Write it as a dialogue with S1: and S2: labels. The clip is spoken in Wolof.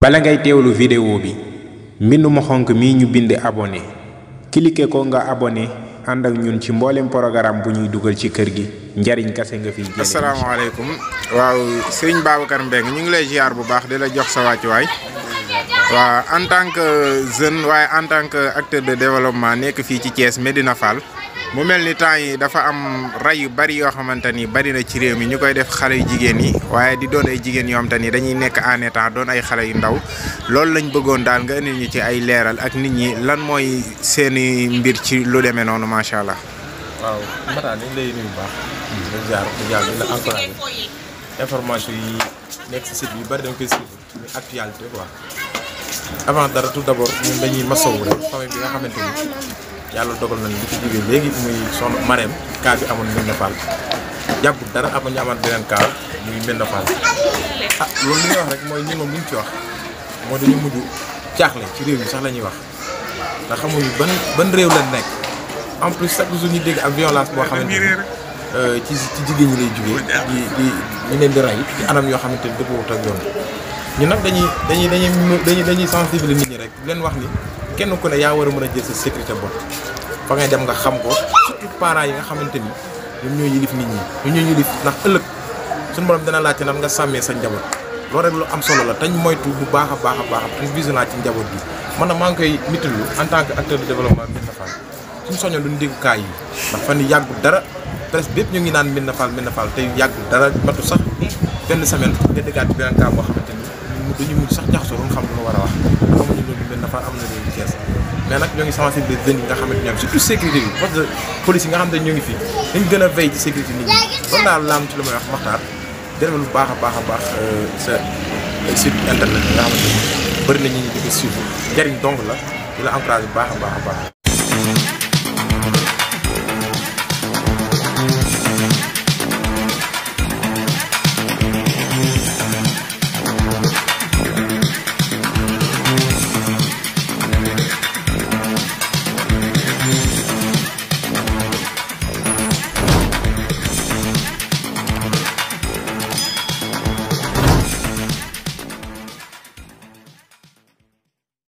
S1: bala ngay teewlu vidéo bi mbind xonk mi ñu bind abonné cliquer ko nga abonné ànd ak ñun ci mboolem programme bu ñuy dugal ci kër gi njariñ kase nga fi jëlee. asalaamaaleykum waaw sëriñ Babacar Mbengue ñu ngi lay ziar bu baax di la jox sa wàccuwaay. waaw en tant que jeune waaye en tant que acteur de développement nekk fii ci Thiès Medina Fall mu mel ni temps yi dafa am ray yu bari yoo xamante ni bari na ci réew mi ñu koy def xale yu jigéen yi waaye di doon ay jigéen yoo xamante ni dañuy nekk en état doon ay xale yu ndaw loolu lañ bëggoon daal nga indil ñu ci ay leeral ak nit ñi lan mooy seeni mbir ci lu demee noonu macha allah. waaw information yi nekk si site bi yu bëri dañ koy suivre muy actualité quoi avant dara tout d'abord ñun dañuy masawu rek famille bi nga xamante ni yàlla dogal nañ li ci jógee léegi muy soxna Marème cas bi amoon Médina Fall yàggul dara am ñu amaat beneen cas muy Médina Fall ah loolu li nga wax rek mooy ñun moom li ci wax moo dañu mujj jaaxle ci réew yi sax la ñuy wax ndax xamuñu ban ban réew lañ nekk en plus chaque jour ñu dégg ak violence boo xamante ni euh, ci ci jigéen ñi ñu leen di rey ci anam yoo xamante ni dëppoowut ak yoon ñu nag dañuy dañuy dañuy dañuy sensibiliser nit ñi rek leen wax ni kenn ku ne yaa war a mën a jël sa sécurité bopp fa ngay dem nga xam ko surtout yi nga xamante ni ñoom ñoo yilif nit ñi ñoo ñoo yilif ndax ëllëg suñu borom dina laajte nan nga sàmmee sa njaboot loolu rek lu am solo la tañ moytu bu baax a baax a baax am vigilant ci njaboot bi man a maa ngi koy nitulu en tant que acteur de développement Mbène Fall suñu soño luñ dégg kaay yi ndax fan yàggu dara presse bépp ñu ngi naan Médina Fall Médina Fall te yàggul dara matu sax benn semaine nga dëggaat ci beneen cas boo xamante ni dañu mujj sax a wax am na léegi Thiès mais nag ñoo ngi sensibiliser jeunes yi nga xamante ñoom surtout sécurité bi parce police yi nga xam ne ñoo ngi fi dañ gën a veille ci sécurité nit ñi loolu laam ci lu may wax waxtaan deme lu baax a baax a baax euh, sa site internet nga xamante ni bëri ñu ñu di ko suivre njëriñ la di la encouragé bu baax a baax a